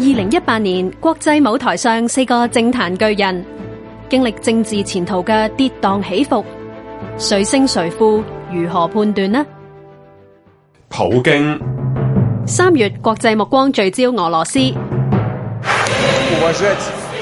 二零一八年國際舞台上四個政壇巨人，經歷政治前途嘅跌宕起伏，誰勝誰負，如何判斷呢？普京。三月國際目光聚焦俄羅斯。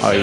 係。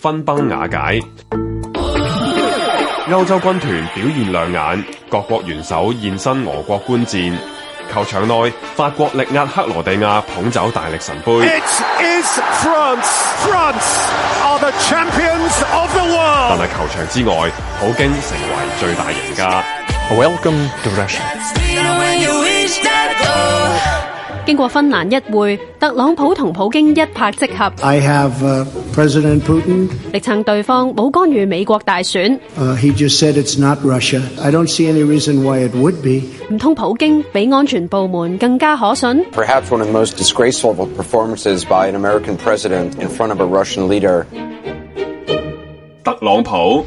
分崩瓦解，歐洲軍團表現亮眼，各國元首現身俄國觀戰。球場內，法國力壓克羅地亞捧走大力神杯。It is France. France are the champions of the world. 但係球場之外，普京成為最大贏家。Welcome to Russia。經過芬蘭一會，特朗普同普京一拍即合，I have President Putin. 力撐對方冇干預美國大選。He just said it's not Russia. I don't see any reason why it would be. 唔通普京比安全部門更加可信？Perhaps one of the most disgraceful performances by an American president in front of a Russian leader. 特朗普。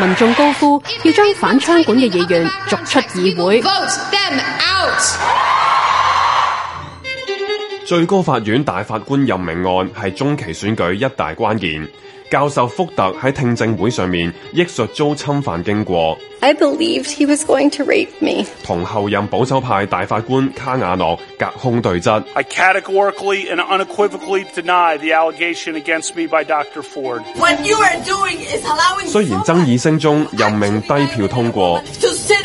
民眾高呼要將反槍管嘅議員逐出議會。最高法院大法官任命案係中期選舉一大關鍵。教授福特喺聽證會上面憶述遭侵犯經過，I believed he was going to rape me. 同後任保守派大法官卡瓦諾隔空對質。I categorically and unequivocally deny the allegation against me by Dr. Ford. What you are doing is allowing. 雖然爭議聲中任命低票通過。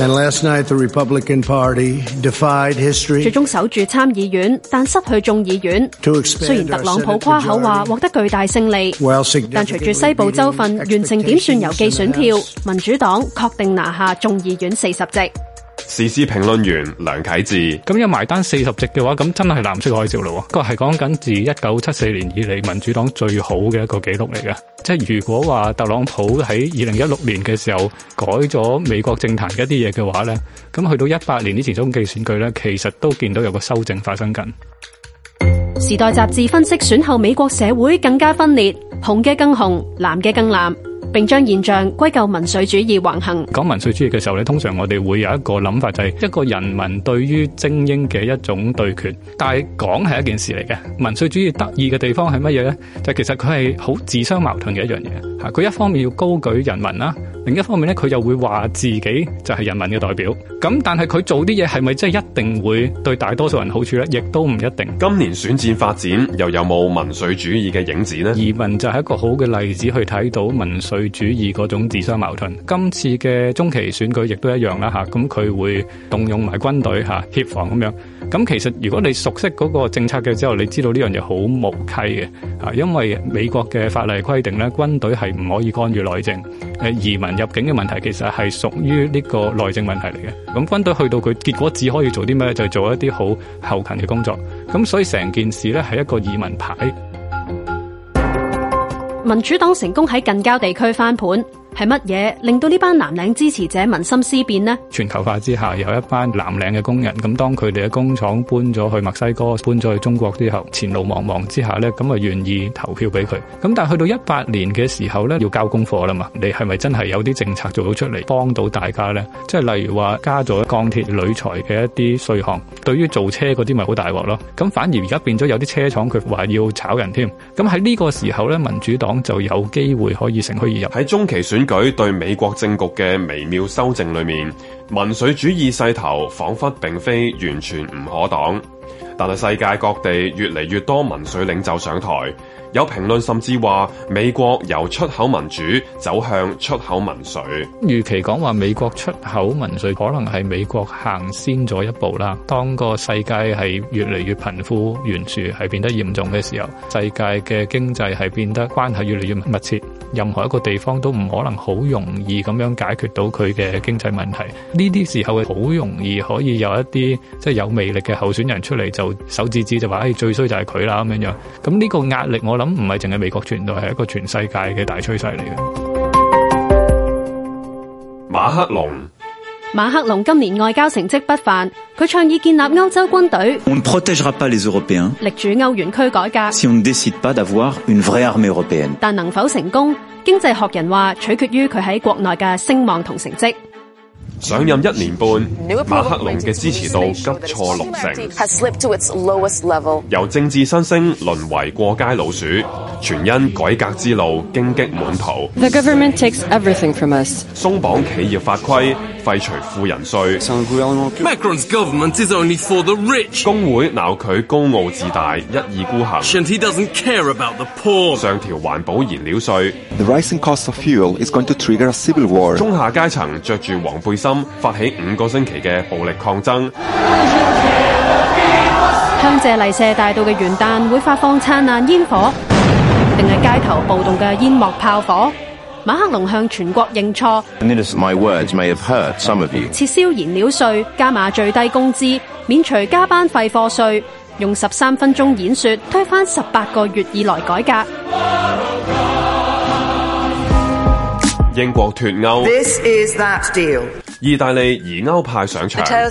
And last night, the Republican Party defied history. 最終守住參議院，但失去眾議院。雖然特朗普誇口話獲得巨大勝利，但隨住西部州份完成點算郵寄選票，民主黨確定拿下眾議院四十席。時事評論員梁啟智：咁、嗯、有埋單四十席嘅話，咁真係藍色海嘯咯。佢係講緊自一九七四年以嚟民主黨最好嘅一個記錄嚟嘅。即係如果話特朗普喺二零一六年嘅時候改咗美國政壇一啲嘢嘅話呢，咁、嗯、去到一八年呢前，中期選舉呢，其實都見到有個修正發生緊。時代雜誌分析，選後美國社會更加分裂，紅嘅更紅，藍嘅更藍。並將現象歸咎民粹主義橫行。講民粹主義嘅時候咧，通常我哋會有一個諗法，就係一個人民對於精英嘅一種對決。但係講係一件事嚟嘅，民粹主義得意嘅地方係乜嘢呢？就其實佢係好自相矛盾嘅一樣嘢。吓，佢一方面要高舉人民啦，另一方面呢，佢又會話自己就係人民嘅代表。咁但係佢做啲嘢係咪真係一定會對大多數人好處呢？亦都唔一定。今年選戰發展又有冇民粹主義嘅影子呢？移民就係一個好嘅例子去睇到民粹去主義嗰種自相矛盾，今次嘅中期選舉亦都一樣啦吓，咁佢會動用埋軍隊吓協防咁樣，咁其實如果你熟悉嗰個政策嘅之後，你知道呢樣嘢好無稽嘅吓，因為美國嘅法例規定咧，軍隊係唔可以干預內政，誒移民入境嘅問題其實係屬於呢個內政問題嚟嘅，咁軍隊去到佢結果只可以做啲咩咧，就做一啲好後勤嘅工作，咁所以成件事咧係一個移民牌。民主黨成功喺近郊地區翻盤。係乜嘢令到呢班藍領支持者民心思變呢？全球化之下，有一班藍領嘅工人，咁當佢哋嘅工廠搬咗去墨西哥、搬咗去中國之後，前路茫茫之下呢，咁啊願意投票俾佢。咁但係去到一八年嘅時候呢，要交功課啦嘛，你係咪真係有啲政策做到出嚟幫到大家呢？即係例如話加咗鋼鐵、鋁材嘅一啲稅項，對於造車嗰啲咪好大鑊咯？咁反而而家變咗有啲車廠佢話要炒人添。咁喺呢個時候呢，民主黨就有機會可以乘虛而入喺中期選舉。舉對美國政局嘅微妙修正裏面，民粹主義勢頭仿佛並非完全唔可擋。但係世界各地越嚟越多民粹領袖上台，有評論甚至話美國由出口民主走向出口民粹。如其預期講話美國出口民粹可能係美國行先咗一步啦。當個世界係越嚟越貧富懸殊，係變得嚴重嘅時候，世界嘅經濟係變得關係越嚟越密切。任何一個地方都唔可能好容易咁樣解決到佢嘅經濟問題。呢啲時候好容易可以有一啲即係有魅力嘅候選人出嚟，就手指指就話：誒、哎、最衰就係佢啦咁樣樣。咁呢個壓力，我諗唔係淨係美國傳到，係一個全世界嘅大趨勢嚟嘅。馬克龍。馬克龍今年外交成績不凡，佢倡議建立歐洲軍隊，力主歐元區改革。Si、但能否成功？經濟學人話，取決於佢喺國內嘅聲望同成績。上任一年半，馬克龍嘅支持度急挫六成，由政治新星淪為過街老鼠，全因改革之路荊棘滿途。The government takes everything from us. 鬆綁企業法規。廢除富人稅工會鬧佢高傲自大一意孤行 he doesn't care about the poor 上調環保燃料稅中下階層着住黃背心發起五個星期嘅暴力抗爭香榭麗舍大道嘅元旦會發放燦爛煙火定係街頭暴動嘅煙幕炮火馬克龍向全國認錯，撤銷燃料稅，加碼最低工資，免除加班費課稅，用十三分鐘演說，推翻十八個月以來改革。英國脫歐。意大利疑歐派上場。德國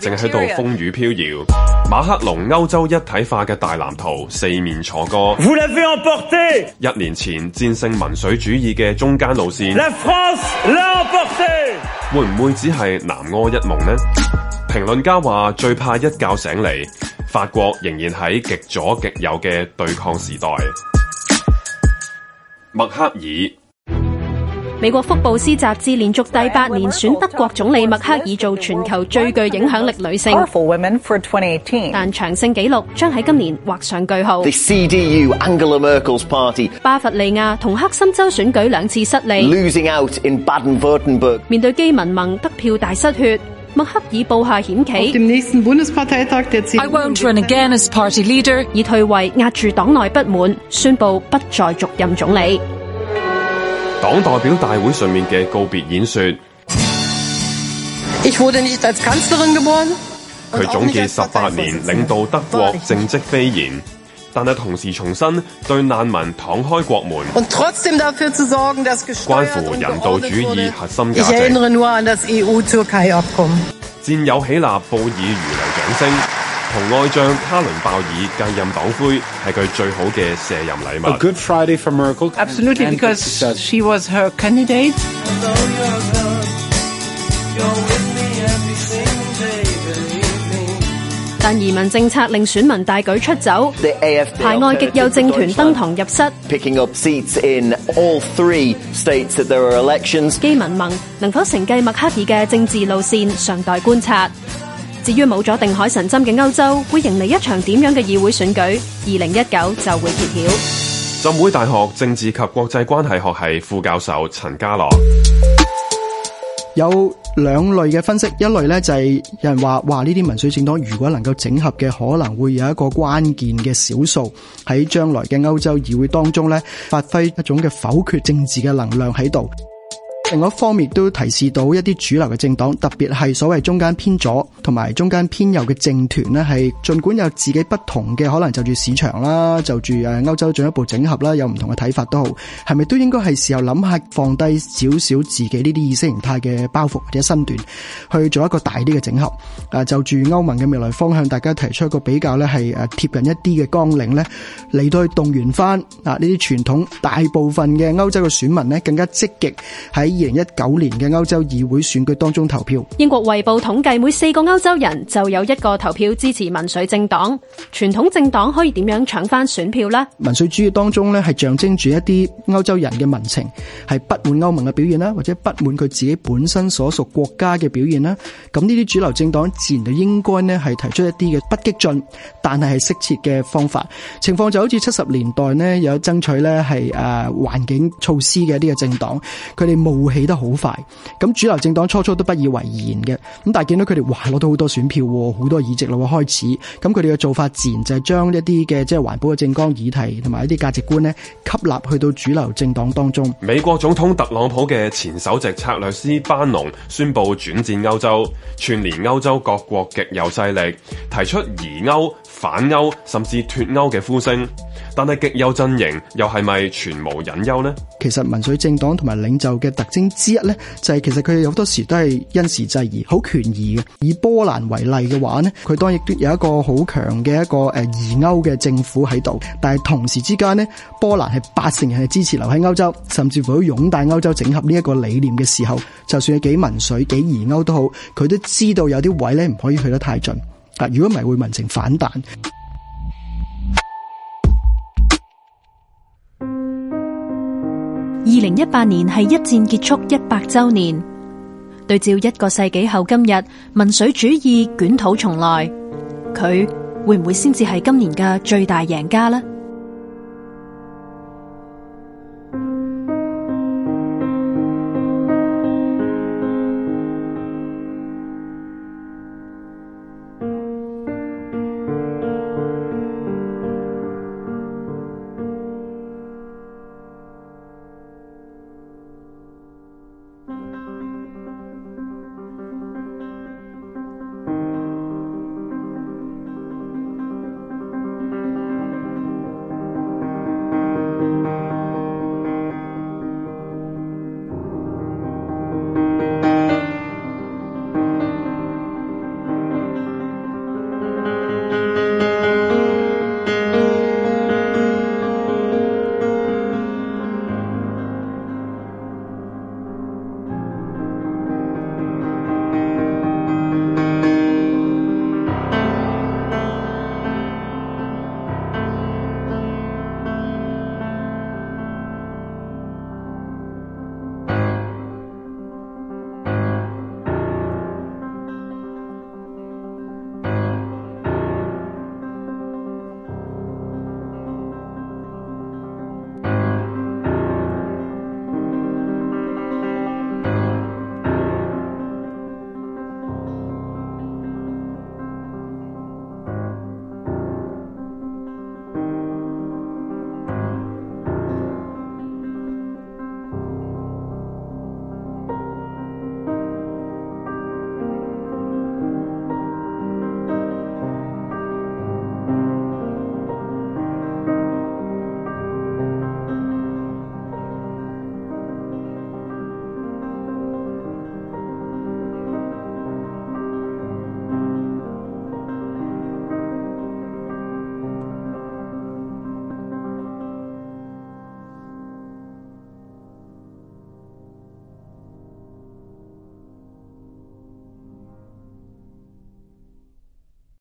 正喺度風雨飄搖。馬克龍歐洲一體化嘅大藍圖四面楚歌。一年前戰勝民粹主義嘅中間路線，會唔會只係南柯一夢呢？評論家話最怕一覺醒嚟，法國仍然喺極左極右嘅對抗時代。默克爾。美國福布斯雜誌連續第八年選德國總理默克爾做全球最具影響力女性，但長勝紀錄將喺今年畫上句號。巴伐利亞同黑森州選舉兩次失利，面對基民盟得票大失血，默克爾布下險棋，以退位壓住黨內不滿，宣佈不再續任總理。黨代表大會上面嘅告別演說。佢總結十八年領導德國政績斐然，但係同時重申對難民敞開國門，關乎人道主義核心價值。戰友起立報以如雷掌聲。同外相卡倫鮑爾接任黨魁，係佢最好嘅卸任禮物。A good Friday for Merkel. Absolutely, and, and because she was her candidate. 但移民政策令選民大舉出走，排外極右政團登堂入室。基民盟能否承繼默克爾嘅政治路線，尚待觀察。至於冇咗定海神針嘅歐洲，會迎嚟一場點樣嘅議會選舉？二零一九就會揭曉。浸會大學政治及國際關係學系副教授陳家樂有兩類嘅分析，一類呢，就係、是、有人話話呢啲民粹政黨如果能夠整合嘅，可能會有一個關鍵嘅少數喺將來嘅歐洲議會當中呢，發揮一種嘅否決政治嘅能量喺度。另一方面都提示到一啲主流嘅政黨，特別係所謂中間偏左同埋中間偏右嘅政團咧，係盡管有自己不同嘅可能，就住市場啦，就住誒歐洲進一步整合啦，有唔同嘅睇法都好，係咪都應該係時候諗下放低少少自己呢啲意識形態嘅包袱或者身段，去做一個大啲嘅整合？啊，就住歐盟嘅未來方向，大家提出一個比較咧，係誒貼近一啲嘅綱領咧，嚟到去動員翻啊呢啲傳統大部分嘅歐洲嘅選民咧，更加積極喺。二零一九年嘅歐洲議會選舉當中投票，英國衛報統計，每四個歐洲人就有一個投票支持民粹政黨。傳統政黨可以點樣搶翻選票咧？民粹主義當中咧係象徵住一啲歐洲人嘅民情，係不滿歐盟嘅表現啦，或者不滿佢自己本身所屬國家嘅表現啦。咁呢啲主流政黨自然就應該咧係提出一啲嘅不激進，但係係適切嘅方法。情況就好似七十年代咧有爭取咧係誒環境措施嘅一啲嘅政黨，佢哋冇。起得好快，咁主流政黨初初都不以為然嘅，咁但係見到佢哋，哇攞到好多選票，好多議席咯開始，咁佢哋嘅做法自然就係將一啲嘅即係環保嘅政綱議題同埋一啲價值觀咧吸納去到主流政黨當中。美國總統特朗普嘅前首席策略師班農宣布轉戰歐洲，串聯歐洲各國極右勢力，提出移歐、反歐甚至脫歐嘅呼聲。但係極右陣營又係咪全無隱憂呢？其實民粹政黨同埋領袖嘅特徵之一呢，就係、是、其實佢哋好多時都係因時制宜，好權宜嘅。以波蘭為例嘅話呢，佢當然都有一個好強嘅一個誒疑歐嘅政府喺度，但係同時之間呢，波蘭係八成人係支持留喺歐洲，甚至乎擁戴歐洲整合呢一個理念嘅時候，就算係幾民粹、幾疑歐都好，佢都知道有啲位呢唔可以去得太盡。如果唔係會民情反彈。二零一八年係一戰結束一百周年，對照一個世紀後今日，民粹主義捲土重來，佢會唔會先至係今年嘅最大贏家呢？